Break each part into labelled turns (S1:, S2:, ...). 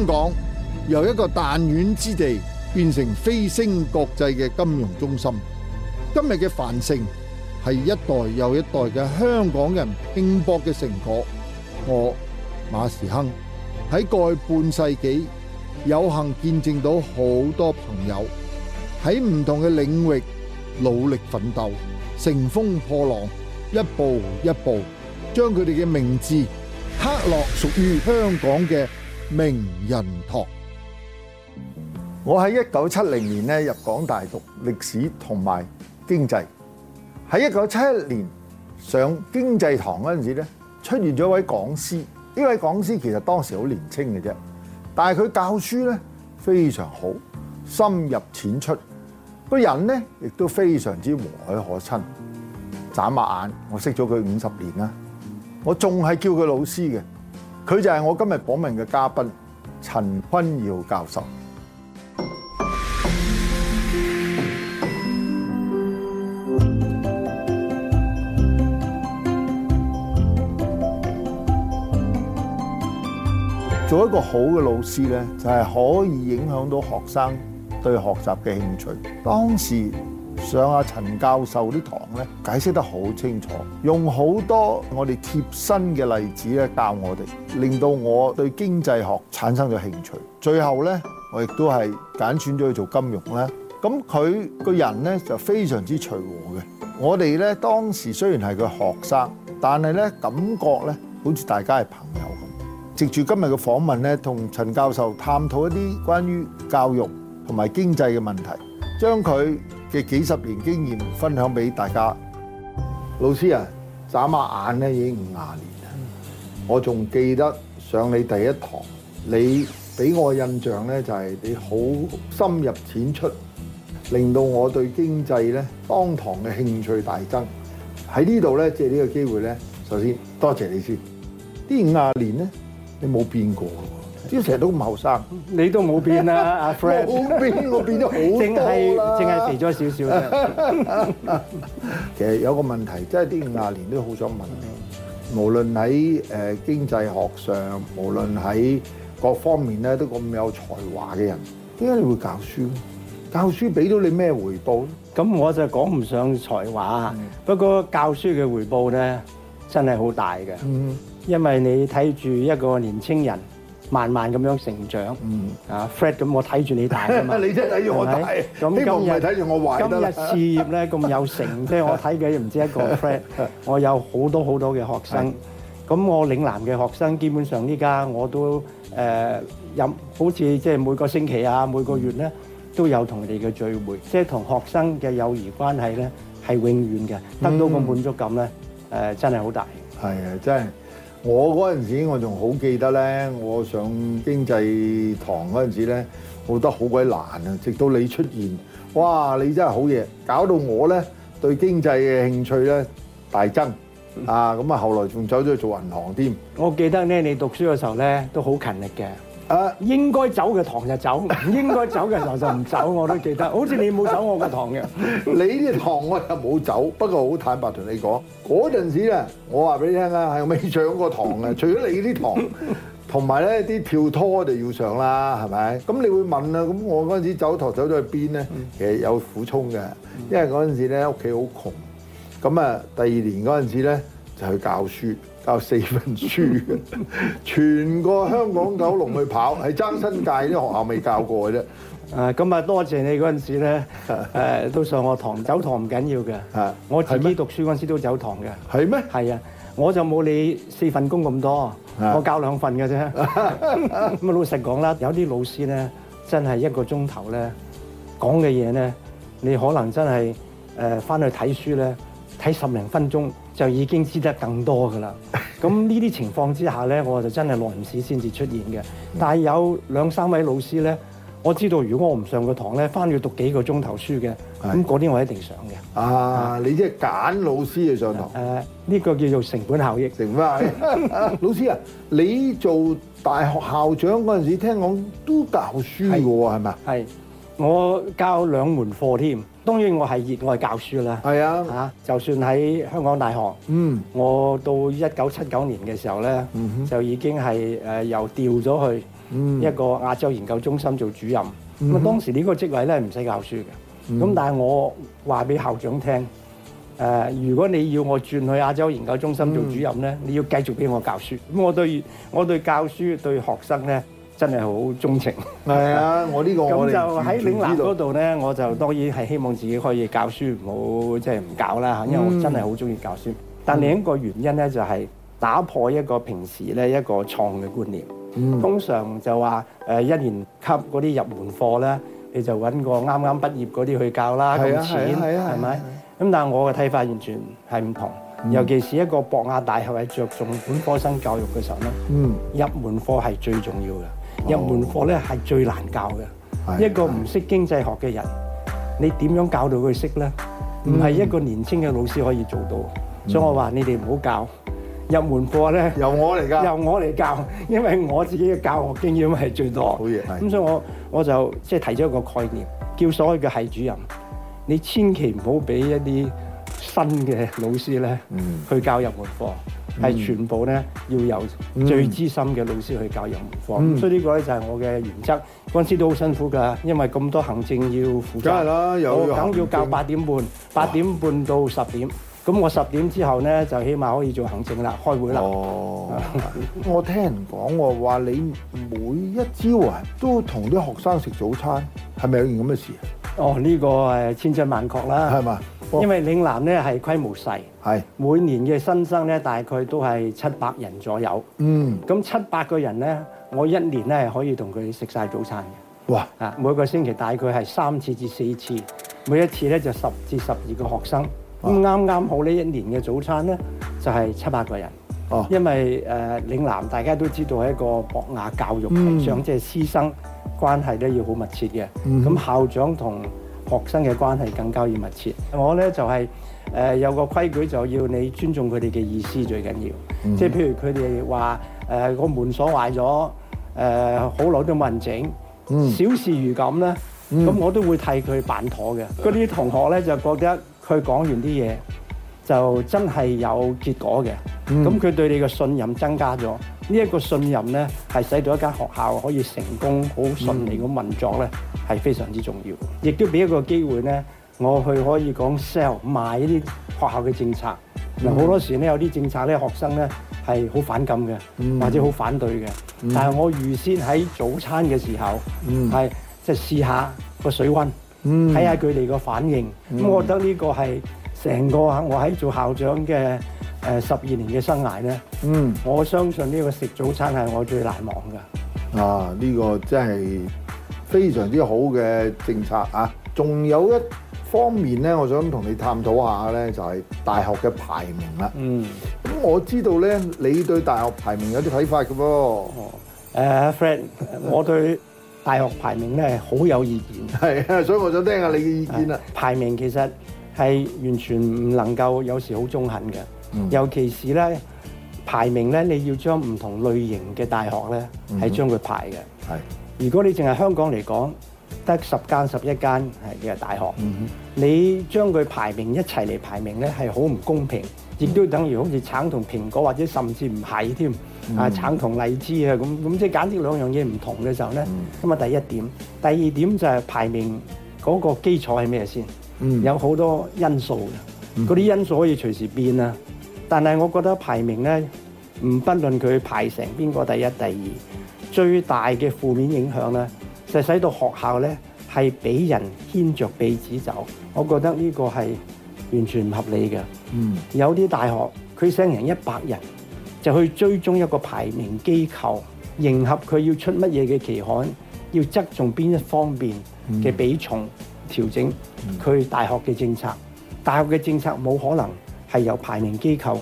S1: 香港由一個彈丸之地變成飛升國際嘅金融中心，今日嘅繁盛係一代又一代嘅香港人拼搏嘅成果。我馬時亨喺過去半世紀，有幸見證到好多朋友喺唔同嘅領域努力奮鬥，乘風破浪，一步一步將佢哋嘅名字刻落屬於香港嘅。名人堂。我，我喺一九七零年咧入港大讀歷史同埋經濟，喺一九七一年上經濟堂嗰陣時咧，出現咗一位講師。呢位講師其實當時好年輕嘅啫，但係佢教書咧非常好，深入淺出，個人呢亦都非常之和藹可親，眨下眼我識咗佢五十年啦，我仲係叫佢老師嘅。佢就係我今日訪問嘅嘉賓陳坤耀教授。做一個好嘅老師呢就係、是、可以影響到學生對學習嘅興趣。當時，上阿陳教授啲堂咧，解釋得好清楚，用好多我哋貼身嘅例子咧教我哋，令到我對經濟學產生咗興趣。最後咧，我亦都係揀選咗去做金融啦。咁佢個人咧就非常之隨和嘅。我哋咧當時雖然係佢學生，但係咧感覺咧好似大家係朋友咁。藉住今日嘅訪問咧，同陳教授探討一啲關於教育同埋經濟嘅問題，將佢。嘅幾十年經驗分享俾大家，老師啊，眨下眼咧已經五十年啦。我仲記得上你第一堂，你俾我印象咧就係你好深入淺出，令到我對經濟咧當堂嘅興趣大增。喺呢度咧，借呢個機會咧，首先多謝你先。呢五十年咧，你冇變過。啲成日都唔後生，你都冇變啦，阿 Fred 冇變，我變咗好多啦。淨係淨係肥咗少少。其實有個問題，即係呢五廿年都好想問你，無論喺誒經濟學上，無論喺各方面咧，都咁有才華嘅人，點解你會教書？教書俾到你咩回
S2: 報？咁我就講唔上才華，不過教書嘅回報咧真係好大嘅，因為你睇住一個年青人。慢慢咁樣成長，啊，Fred 咁我睇住你大㗎嘛？你即係睇住我大，咁又唔係睇住我大。今日事業咧咁有成，即係我睇嘅唔止一個 Fred，我有好多好多嘅學生。咁我嶺南嘅學生，基本上依家我都誒有，好似即係每個星期啊，每個月咧都有同你哋嘅聚會。即係同學生嘅友誼關係咧，係永遠嘅，得到個滿足感咧，誒真係好大。
S1: 係啊，真係。我嗰陣時，我仲好記得咧，我上經濟堂嗰陣時咧，我覺得好鬼難啊！直到你出現，哇！你真係好嘢，搞到我咧對經濟嘅興趣咧大增啊！咁啊，後來仲走咗去做銀行添。
S2: 我記得咧，你讀書嘅時候咧都好勤力嘅。誒應該走嘅堂就走，唔應該走嘅堂就唔走，我都記得。好
S1: 似你冇走我嘅堂嘅，你啲堂我又冇走。不過好坦白同你講，嗰陣時啊，我話俾你聽啦，係未上過堂嘅，除咗你啲堂，同埋咧啲票拖就要上啦，係咪？咁你會問啦，咁我嗰陣時走堂走咗去邊咧？其實有苦衷嘅，因為嗰陣時咧屋企好窮，咁啊第二年嗰陣時咧就去教書。教四份書，全個香港九龍去跑，係爭新界啲學校未教過嘅啫。啊，咁啊多謝你嗰陣時咧，
S2: 誒都上我堂，走堂唔緊要嘅。啊，我自己讀書嗰陣時都走堂嘅。係咩？係啊，我就冇你四份工咁多，我教兩份嘅啫。咁啊，老實講啦，有啲老師咧，真係一個鐘頭咧講嘅嘢咧，你可能真係誒翻去睇書咧。睇十零分鐘就已經知得更多㗎啦，咁呢啲情況之下咧，我就真係耐唔少先至出現嘅。但係有兩三位老師咧，我知道如果我唔上個堂咧，翻去讀幾個鐘頭書嘅，咁嗰
S1: 啲我一定上嘅的。啊，你即係揀老師去上堂。誒，呢個叫做成本效益，成本效益。老師啊，你做大學校長嗰陣時，聽講都教書㗎喎，係咪啊？係，我教兩門課添。
S2: 當然我係熱愛教書啦，係、哎、呀啊嚇，就算喺香港大學，嗯，我到一九七九年嘅時候咧，嗯、哼就已經係誒、呃、又調咗去一個亞洲研究中心做主任。
S1: 咁啊、嗯哼，當
S2: 時呢個職位咧唔使教書嘅，咁、嗯、但係我話俾校長聽，誒、呃、如果你要我轉去亞洲研究中心做主任咧，嗯、你要繼續俾我教書。咁我對我對教書對學生咧，真係好鍾情。係啊，我呢個咁就喺嶺南嗰度咧，我就當然係希望自己可以教書，唔好即係唔教啦嚇。因為我真係好中意教書。嗯、但另一個原因咧，就係打破一個平時咧一個創嘅觀念。嗯、通常就話誒一年級嗰啲入門課咧，你就揾個啱啱畢業嗰啲去教啦，咁淺，係咪？咁但係我嘅睇法完全係唔同。嗯、尤其是一個博雅大學係着重本科生教育嘅時候咧，嗯、入門課係最重要嘅。入門課咧係最難教嘅，是一個唔識經濟學嘅人，是你點樣教到佢識咧？唔係、嗯、一個年輕嘅老師可以做到。嗯、所以我話你哋唔好教入門課咧，由我嚟教，由我嚟教，因為我自己嘅教學經驗係最多。好嘢，咁所以我我就即係提咗一個概念，叫所謂嘅系主任，你千祈唔好俾一啲新嘅老師咧去教入門課。係全部咧要由最資深嘅老師去教英文課，嗯、所以呢個咧就係我嘅原則。嗰陣時都好辛苦㗎，因為咁多行政要負責。梗係啦，有我梗要教八點半，八點半到十點。咁、哦、我十點之後咧就起碼可以做行
S1: 政啦，開會啦。哦， 我聽人講話你每一朝啊都同啲學生食早餐，係咪有件咁嘅事啊？哦，呢、呢個係千真
S2: 萬確啦，係嘛？因為嶺南咧係規模細，係是每年嘅新生咧大概都係七百人左右。嗯，咁七百個人咧，我一年咧係可以同佢食晒早餐嘅。哇！啊，每個星期大概係三次至四次，每一次咧就十至十二個學生。咁啱啱好呢一年嘅早餐咧就係七百個人。哦，因為誒嶺南大家都知道係一個博雅教育，上即係師生關係咧要好密切嘅。咁、嗯、校長同。學生嘅關係更加要密切。我咧就係、是、誒、呃、有個規矩，就要你尊重佢哋嘅意思最緊要。即係、mm hmm. 譬如佢哋話誒個門鎖壞咗，誒好耐都冇人整，mm hmm. 小事如咁咧，咁、mm hmm. 我都會替佢辦妥嘅。嗰啲同學咧就覺得佢講完啲嘢就真係有結果嘅，咁佢、mm hmm. 對你嘅信任增加咗。呢一個信任呢，係使到一間學校可以成功、好順利咁運作呢，係非常之重要。亦都俾一個機會呢，我去可以講 sell 賣呢啲學校嘅政策。嗱、嗯，好多時呢，有啲政策呢，學生呢係好反感嘅，嗯、或者好反對嘅。嗯、但係我預先喺早餐嘅時候，係即係試下個水溫，睇下佢哋個反應。咁我覺得呢個係成個我喺做校長嘅。誒十二年嘅生涯咧，嗯，我相信呢個食早餐係我最難忘噶、啊呢
S1: 個。啊，呢個真係非常之好嘅政策啊！仲有一方面咧，我想同你探討下咧，就係、係、大學嘅排名啦。嗯，咁我知道咧，你對大學排名有啲睇法嘅噃。Friend，我對大學排名咧好有意見，係， 所以我想聽下你嘅意見啊。排
S2: 名其實係完全唔能夠有時好中肯嘅。尤其是咧排名咧，你要將唔同類型嘅大學咧，係將佢排嘅。係如果你淨係香港嚟講，得十間十一間係嘅大學，你將佢排名一齊嚟排名咧，係好唔公平，亦都等於好似橙同蘋果，或者甚至唔係添啊，橙同荔枝啊咁咁，即係簡直兩樣嘢唔同嘅時候咧。咁啊，第一點，第二點就係排名嗰個基礎係咩先？有好多因素嘅，嗰啲因素可以隨時變啦。但係我覺得排名咧，唔不，不論佢排成邊個第一、第二，最大嘅負面影響咧，就係、使到學校咧係俾人牽着鼻子走。我覺得呢個係完全唔合理嘅。嗯，有啲大學佢想人一百人，就去追蹤一個排名機構，迎合佢要出乜嘢嘅期刊，要側重邊一方面嘅比重，嗯、調整佢、嗯、大學嘅政策。大學嘅政策冇可能。係由排名機構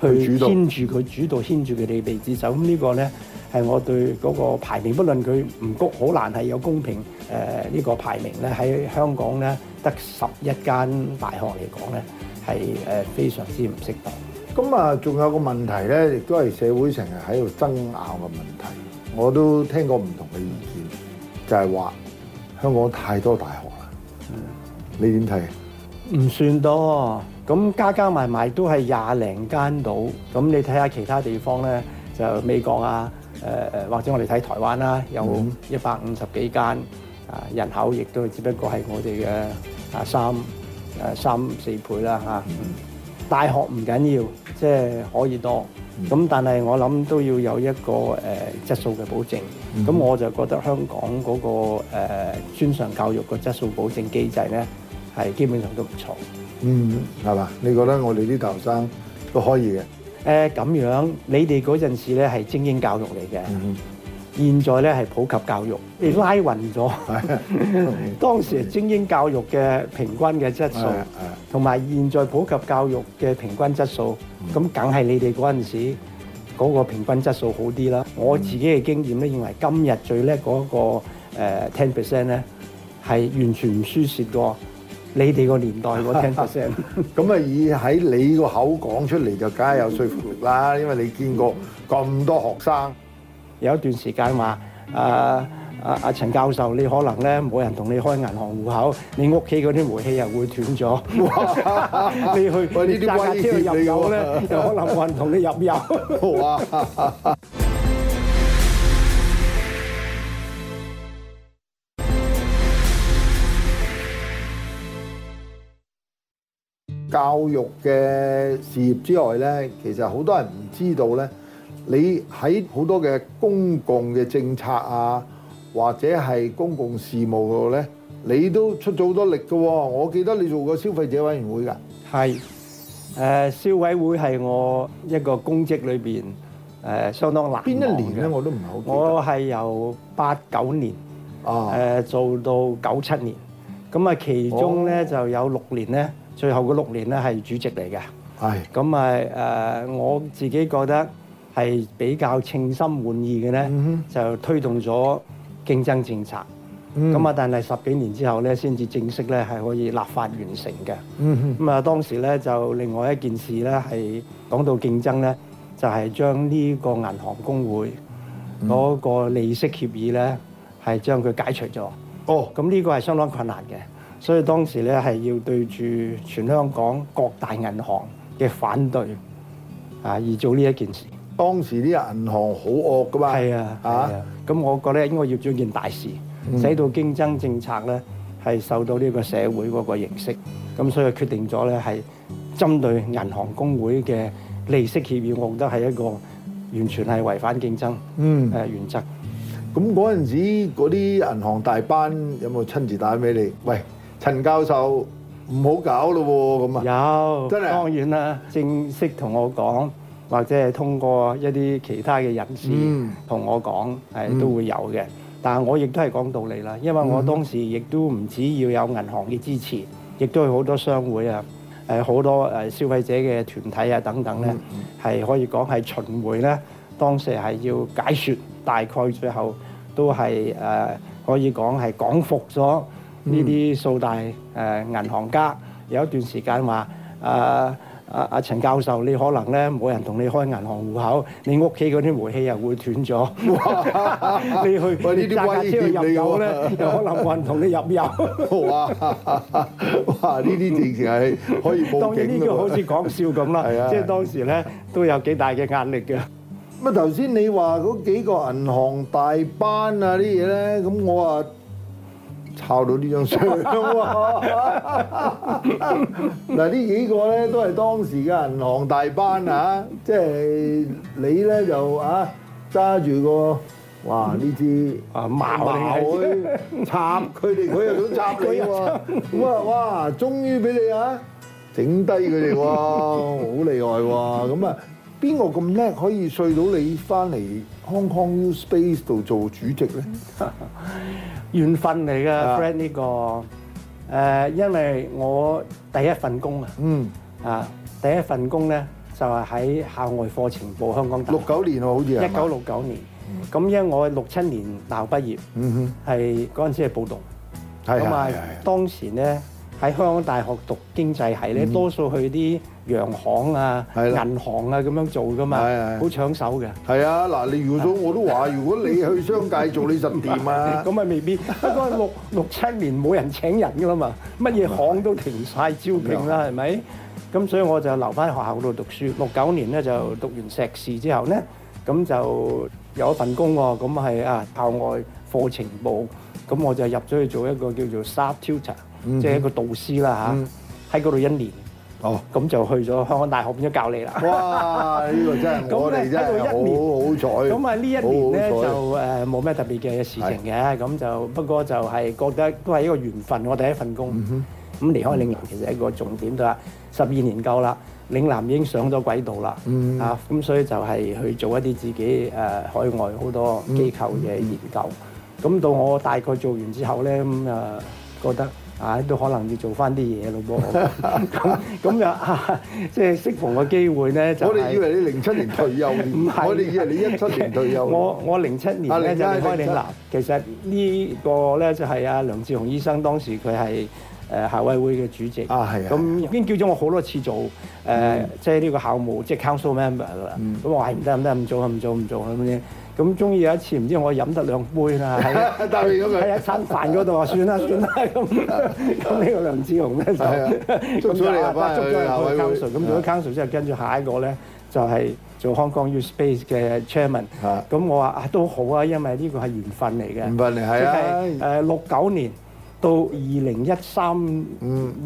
S1: 去主牽
S2: 住佢主導牽住佢哋嚟接手。咁呢個咧，係我對嗰個排名，不論佢唔谷，好難係有公平。誒呢、呃呢個排名咧，喺香港咧，得十
S1: 一間大學嚟講咧，係誒非常之唔適當。咁啊、嗯，仲有個問題咧，亦都係社會成日喺度爭拗嘅問題，我都聽過唔同嘅意見，就係、是、話香港太多大學啦。嗯，你點睇？
S2: 唔算多。咁加加埋埋都係廿零間到。咁你睇下其他地方咧，就美國啊，誒、呃、誒或者我哋睇台灣啦、啊，有一百五十幾間，啊、呃、人口亦都只不過係我哋嘅啊三誒、啊、三四倍啦嚇。啊嗯、大學唔緊要，即、就、係、是、可以多，咁、嗯、但係我諗都要有一個誒、呃、質素嘅保證。咁、嗯、我就覺得香港嗰、那個誒、呃、專上教育個質素保證機制咧，係基本上都唔錯。嗯，係 嘛樂？你覺得我哋啲大學生都可以嘅。誒咁、呃、樣，你哋嗰陣時咧係精英教育嚟嘅，嗯、哼現在咧係普及教育，嗯、你拉勻咗。哎嗯、當時精英教育嘅平均嘅質素，同埋、哎嗯、現在普及教育嘅平均質素，咁梗係你哋嗰陣時嗰個平均質素好啲啦。嗯、哼我自己嘅經驗咧，認為今日最叻嗰個 ten percent 咧，係完全唔輸蝕㗎。你
S1: 哋個年代我聽得聲，咁啊以喺你個口講出嚟就梗係有說服力啦，因為你見過咁多學生有一段時間話啊
S2: 啊阿陳教授，你可能咧冇人同你開銀行戶口，你屋企嗰啲煤氣又會斷咗， 你去啲揸 車去入油咧又 可能冇人同你入
S1: 油。 教育嘅事業之外呢，其實好多人唔知道呢。你喺好多嘅公共嘅政策啊，或者係公共事務度呢，你都出咗好多力㗎。我記得你做過消費者委員會㗎。係，消委會係我一
S2: 個公職裏邊誒相當難。邊一年呢？我都唔係好記得我。我係由八九年誒做到九七年，咁啊其中呢，就有六年呢。最後嘅六年咧係主席嚟嘅，咁咪誒我自己覺得係比較稱心滿意嘅咧，mm hmm. 就推動咗競爭政策。
S1: 咁啊、mm hmm.，但
S2: 係十幾年之後咧，先至正式咧係可以立法完成嘅。
S1: 咁啊、
S2: mm hmm.，當時咧就另外一件事咧係講到競爭咧，就係、是、將呢個銀行公會嗰個利息協議咧係、mm hmm. 將佢解除咗。哦，咁呢個係相當困難嘅。所以當時咧係要對住全香港各大銀行嘅反對啊，而做呢一件事。當時啲銀行好惡噶嘛？係啊，嚇！咁我覺得應該要做件大事，使到競爭政策咧係受到呢個社會嗰個認識。咁所以決定咗咧係針對銀行公會嘅利息協
S1: 議，我覺得係一個完全係違反競爭嗯誒原則。咁嗰陣時嗰啲銀行大班有冇親自打俾你？喂！陳教授唔好搞咯喎，咁啊有，真係當然啦，正式同我講，
S2: 或者係通過一啲其他嘅人士同我講，係、嗯、都會有嘅。但係我亦都係講道理啦，因為我當時亦都唔止要有銀行嘅支持，亦都有好多商會啊，誒好多誒消費者嘅團體啊等等咧，係、嗯、可以講係巡迴咧。當時係要解説，大概最後都係誒可以講係講服咗。呢啲、嗯、數大誒銀行家有一段時間話：，誒誒誒陳教授，你可能咧冇人同你開銀行戶口，你屋企嗰啲煤氣又會斷咗。
S1: 哇 你去呢啲架車入油咧，又哇可能冇人同你入油。哇！
S2: 哇！呢啲直情係可以報警㗎。當然呢個好似講笑咁啦，即係 的當時咧都有幾大嘅壓力嘅。
S1: 乜頭先你話嗰幾個銀行大班啊啲嘢咧，咁我啊～靠到呢張相嗱，呢幾個咧都係當時嘅銀行大班啊，即係你咧就啊揸住個哇呢支啊，矛去插佢哋，佢又想插佢喎，咁啊哇，終於俾你啊整低佢哋喎，好厲害喎，咁啊邊個咁叻可以睡到你翻嚟 Hong Kong U Space 度做主席咧？ 緣分嚟㗎，friend
S2: 呢個，誒，因為我第一份工啊，啊，嗯、第一份工咧就係喺校外課程部香港大學，六九年喎，好似啊，一九六九年，咁吧因為我六七年大學畢業，嗯哼，係嗰陣時係暴動，同埋是的 當時咧。喺香港大學讀經濟系咧，多數去啲洋行啊、銀行啊咁樣做噶嘛，好搶手嘅。係啊，嗱，你如果我都話，如果你去
S1: 商界做，你實掂啊。咁
S2: 啊未必，不過六六七年冇人請人噶啦嘛，乜嘢行都停晒招聘啦，係咪？咁所以我就留翻喺學校度讀書。六九年咧就讀完碩士之後咧，咁就有一份工喎，咁係啊校外課程部，咁我就入咗去做一個叫做 sub-tutor。即係一個導師啦嚇，喺嗰度一年，哦，咁就去咗香港大學變咗教你啦。哇！
S1: 呢個真係我喺度一年
S2: 好彩，咁啊呢一年咧就誒冇咩特別嘅事情嘅，咁就不過就係覺得都係一個緣分，我第一份工。咁離開嶺南其實係一個重點對啦，十二年夠啦，嶺南已經上咗軌道啦。啊，咁所以就係去做一啲自己誒海外好多機構嘅研究。咁到我大概做完之後咧咁啊覺得。啊！都可能要做翻啲嘢咯噃，咁咁啊，即係適逢個機會咧，就係，就我哋以為你零七年退休年，唔係 的我哋以為你一七年退休。我我零七年咧 就嚟開嶺南其實呢個咧就係阿梁志雄醫生當時佢係誒校委會嘅主席啊，係。咁已經叫咗我好多次做誒，嗯、即係呢個校務，即係 council member 啦，嗯。咁我係唔得唔得唔做唔做唔做咁樣。咁中意有一次，唔知我飲得兩杯啦。係啊 了，搭完嗰個一餐飯嗰度啊，算啦算啦。咁 咁呢個梁志雄咧就，咁啊啊， 捉咗你，幫佢 c 咁做咗 consult 之後，跟住下一個咧就係做 Hong Kong U Space 嘅 Chairman。嚇， 咁我話啊都好啊，因為呢個係緣分嚟嘅。緣分嚟係啊。誒，六九年到二零一三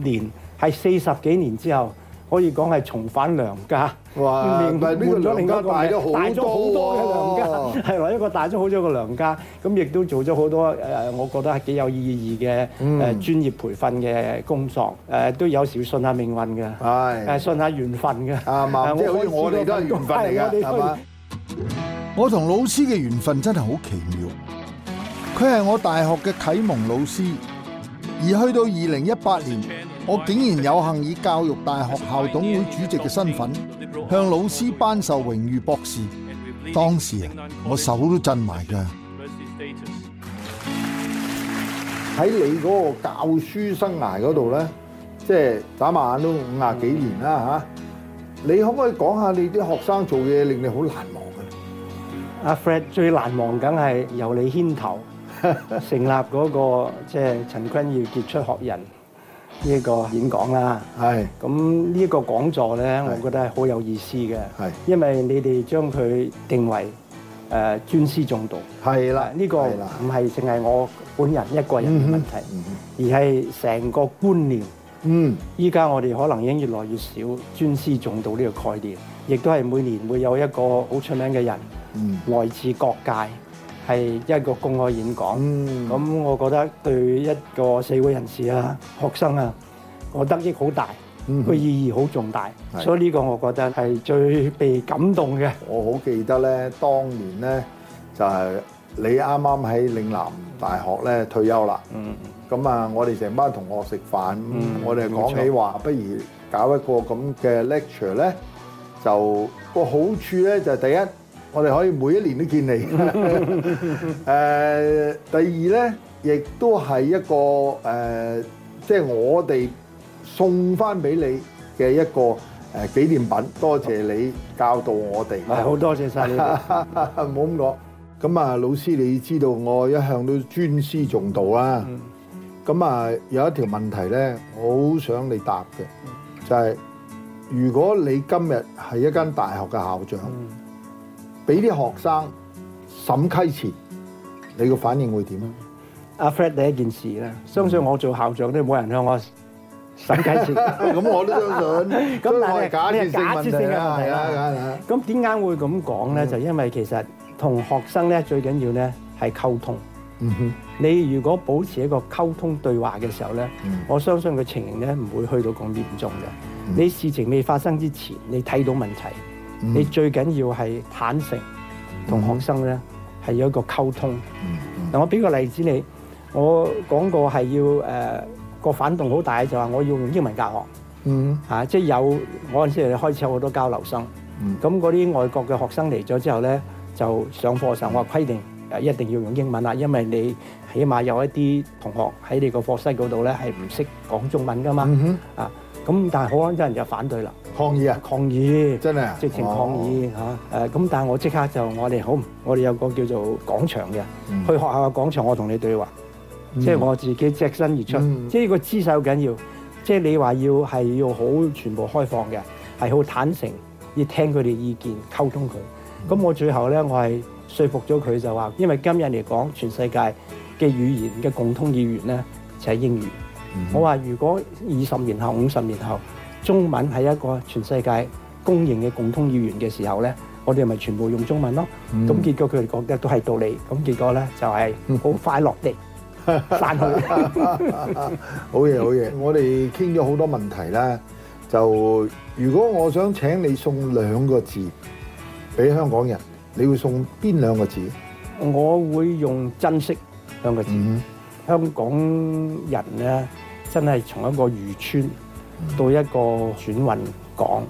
S2: 年，係四十幾年之後。可以講係重返娘家，唔明係邊個娘家大咗好多嘅娘家，係咯一個大咗好多嘅娘家，咁亦都做咗好多誒，我覺得係幾有意義嘅誒專業培訓嘅工作，誒都有時信下命運嘅，誒信下緣分嘅，啊嘛，即係好似我哋都係緣分嚟㗎，係嘛？
S1: 我同老師嘅緣分真係好奇妙，佢係我大學嘅啟蒙老師，而去到二零一八年。我竟然有幸以教育大學校董會主席嘅身份向老師頒授榮譽博士，當時啊，我手都震埋噶。喺 你嗰個教書生涯嗰度咧，即係眨下眼都五廿幾年啦吓。你可唔可以講下你啲學生做嘢令你好難忘嘅？阿 Fred 最難忘梗係由你牽頭
S2: 成立嗰、嗰個即係陳坤耀傑出學人。呢一個演講啦，係咁呢一個講座呢，的我覺得係好有意思嘅，係的因為你哋將佢定為誒尊師重道，係啦的，呢、啊這個唔係淨係我本人一個人嘅問題，而係成個觀念。嗯，依家、嗯、我哋可能已經越來越少尊師重道呢個概念，亦都係每年會有一個好出名嘅人、嗯、來自各界，係一個公開演講，咁我覺得對一個社會人士啊、學生啊，我得益好大，個意義好重大，所以呢個我覺得係最被感
S1: 動嘅。我好記得咧，當年咧就係你啱啱喺嶺南大學咧退休啦，咁啊，我哋成班同學食飯，我哋講起話，不如搞一個咁嘅 lecture 咧，就個好處咧就係第一。我哋可以每一年都見你。誒，第二咧，亦都係一個誒，即係我哋送翻俾你嘅一個誒紀念品。多謝你教導我哋。係，好多謝曬你。唔好咁講。咁啊，老師，你知道我一向都尊師重道啦。咁啊，有一條問題咧，好想你答嘅，就係如果你今日係一間大學嘅校長，俾啲學生審溪前，你個反應會點啊？阿 Fred 第一件事咧，相信我做校長都冇人向我審溪前。咁 我都相信。咁我係假設，假設性問題啦。
S2: 咁點解會咁講咧？是就因為其實同學生咧，最緊要咧係溝通。
S1: 是
S2: 你如果保持一個溝通對話嘅時候咧，是我相信佢情形咧唔會去到咁嚴重嘅是是。你事情未發生之前，你睇到問題。你最緊要係坦誠同學生咧，係有一個溝通。嗱，我俾個例子你，我講過係要誒個反動好大，就話我要用英文教學。嗯，啊，即係有我嗰陣時開始有好多交流生。嗯，咁嗰啲外國嘅學生嚟咗之後咧，就上課時候我話規定誒一定要用英文啦，因為你起碼有一啲同學喺你個課室嗰度咧係唔識講中文㗎嘛。嗯哼，啊，咁但係好多人就反對啦。抗議啊！抗議，
S1: 真係直情抗議
S2: 嚇！誒咁、哦啊，但係我即刻就我哋好，我哋有個叫做廣場嘅，嗯、去學校嘅廣場，我同你對話。嗯、即係我自己隻身而出，嗯、即係個姿勢好緊要。即係你話要係要好全部開放嘅，係好坦誠，要聽佢哋意見，溝通佢。咁、嗯、我最後咧，我係說服咗佢就話，因為今日嚟講，全世界嘅語言嘅共通語言咧就係、是、英語。嗯、我話如果二十年後、五十年後。中文係一個全世界公認嘅共通語言嘅時候咧，我哋咪全部用中文咯。咁結果佢哋講嘅都係道理，咁結果咧就係好快樂地散去。好
S1: 嘢，好嘢。我哋傾咗好多問題啦。就如果我想請你送兩個字俾香港人，你會送邊兩個字？我會用珍惜
S2: 兩個字。香港人咧，真係從一個漁村。到一個轉運港，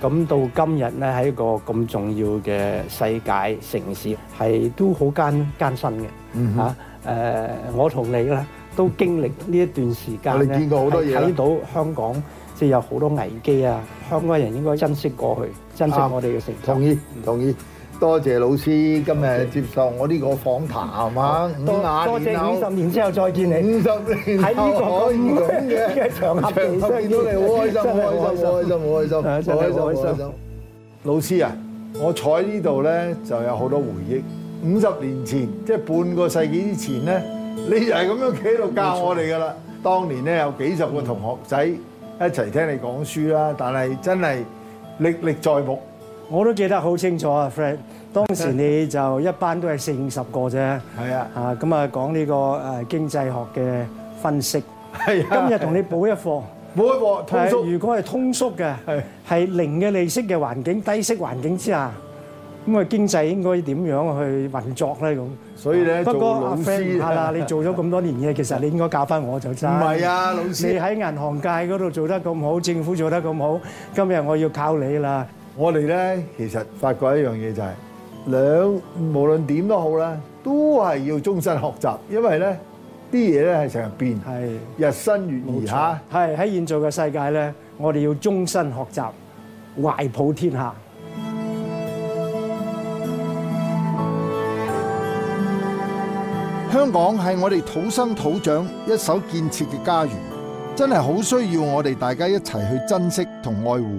S2: 咁到今日咧喺一個咁重要嘅世界城市，係都好艱艱辛嘅。嗯嚇哼、啊，我同你咧都經歷呢一段時間，見過好多嘢，睇到香港即係有好多危機啊！香港人應該珍惜過去，珍惜我哋嘅城。
S1: 同意唔同意？嗯多謝老師今日接受我呢個訪談啊！多謝五十年之後再見你。五十年喺呢個咁嘅一場合，見到你好開心，開心，開心，開心，開心，開心。老師啊，我坐喺呢度咧就有好多回憶。五十年前，即係半個世紀之前咧，你就係咁樣企喺度教我哋噶啦。當年咧有幾十個同學仔一齊聽你講書啦，但係真係歷歷在目。我都
S2: 記得好清楚啊，Fred！當時你就一班都係四五十個啫，係啊，啊咁啊講呢個誒經濟學嘅分析。係啊，今日同你補一課，補一課通縮。如果係通縮嘅，係零嘅利息嘅環境，低息環境之下，咁啊經濟應該點樣去運作咧？咁所以咧，不過阿 Fred，係啦，你做咗咁多年嘢，其實你應該教翻我就真。唔係啊，老師，你喺銀行界嗰度做得咁好，政府做得咁好，今日我要靠你啦。我哋咧，其實
S1: 發覺一樣嘢就係、係、兩，無論點都好啦，都係要終身學習，因為咧啲嘢咧係成日變，係日新月異嚇。係喺
S2: 現在嘅世界咧，我哋要終身學習，懷抱天下。
S1: 香港係我哋土生土長、一手建設嘅家園，真係好需要我哋大家一齊去珍惜同愛護。